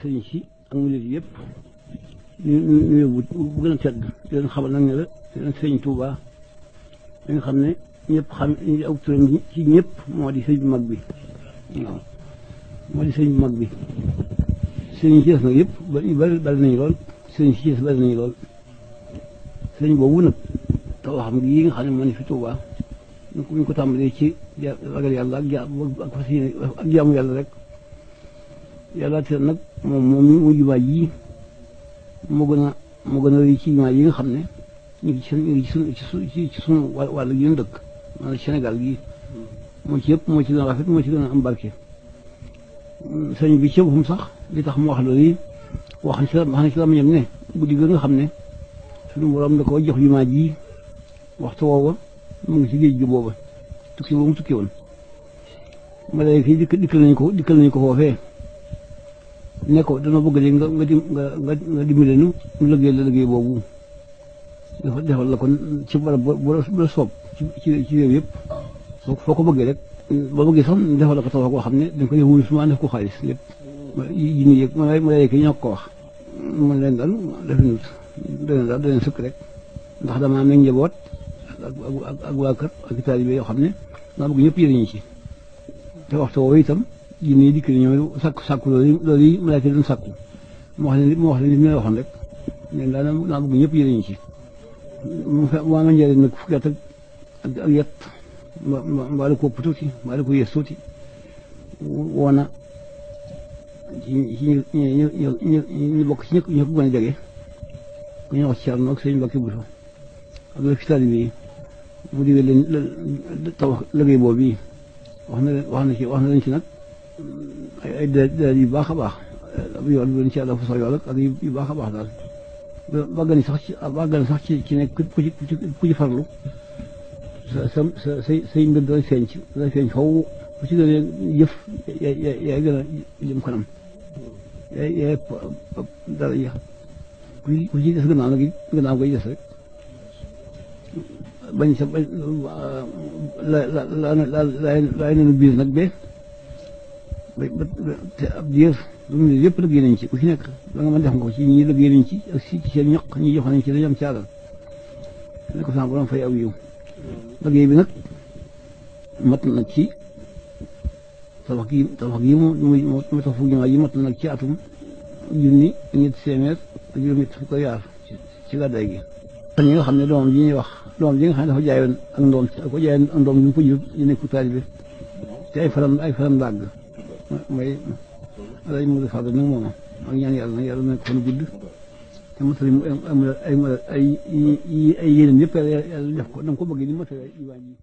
sëriñ ci ak murid yëpp ñu ñu yóbbu bu gën a tedd di leen xamal nag ne la di leen sëriñ Tuuba di nga xam ne ñëpp xam ñu aw turam ci ñëpp moo di sëriñ bu mag bi waaw moo mag bi sëriñ si nag yëpp bari bari nañu lool sëriñ si des bari nañu lool sëriñ boobu nag te waxam gi nga xam ne moo ne fi Tuuba ñu ko tàmbalee ci ragal yàlla ak jaamu ak fas yéene ak jaamu yàlla rek yàlla te nag moom moom mi mu jumaa ji moo gën a moo gën a rëy yi nga xam ne ñu ci ñu ngi ci suñu ci suñu ci wàll gi ñu dëkk maanaam Sénégal gi moo ci yëpp moo ci gën a rafet moo ci gën a am barke sëñ bi ci boppam sax li tax mu wax loolu wax na ci wax na ci la ñam ne guddi gi nga xam ne suñu borom da koo jox jumaa ji waxtu woowa mu ngi ci géej gi booba tukki boobu mu tukki woon malayka yi dikk dikkal nañ ko dikkal nañ ko foofee ne ko dana bëgg léegi nga nga di nga nga nga mu liggéey la liggéey boobu dafa defal la ko ci barab bu soob ci ci ci réew yëpp soo foo ko bëggee rek ba bëggee sax defal la ko tabax koo xam ne dañ ko def wurus ma def ko xaalis lépp yi ma ma yëg ko man leen daal definut dana sëkk rek ndax dama am nañ njaboot ak ak waa kër ak taalibe yoo xam ne maa bëgg ñëpp yëriñu ci te waxtu woowu itam jinne yi dikk ñëw sakku sakku loolu loolu yi malaaka doon sakku mu wax leen mu wax leen li ma waxoon rek leen daal naa bëgg ñëpp yële ñu ci waa nga njëriñ nag fukki at ak ak yet mbaa la ko ëpp tuuti mbaa la ko yees tuuti woona ci ci ñu bokk ci ñëpp ñu ko gën a jege ku ñu wax Cerno ak sëñ Mbàkke Buso ak la fitali bi mu digal leen taw liggéey boobu yi wax na leen wax na ci wax na leen ci nag ay déet yu baax a baax yoon bi ñu ci àlla fu sa yu baax a baax daal bàggani sax ci bàggani sax ci ci nekk ku ci ku ci farlu sa mbir dana feeñ ci dana feeñ faw ku ci gën a yëf yaay gën a jëm kanam yaay ba ba te ab diir loolu yëpp liggéey nañ ci ku ci nekk la nga mën def nga ko ci ñii liggéey nañ ci ak si ci seen ñaq ñi jox nañ ci dañu am ci alal ne ko sama borom fay aw yiw liggéey bi nag mat na ci tabax gi tabax gi mu mu tax fu jumaa yi mat na nag ci atum junni ñetti téeméer ak juróom ñett ko yaar ci gàddaay gi kon ñi nga xam ne doom ji ñuy wax doom ji nga xam ne dafa jaayoon ak ndoom ko jaayoon ak ndoom bi mu ko jur ñu nekk taalibe te ay faram ay faram dàgg mooy alay Modou Fadal nag moom ak ñaan yàlla nag yàlla na ko fan gudd te motali mu ay ay ay yéenam yëpp yàlla def ko na ko bëgg ni ma ay iwaan yi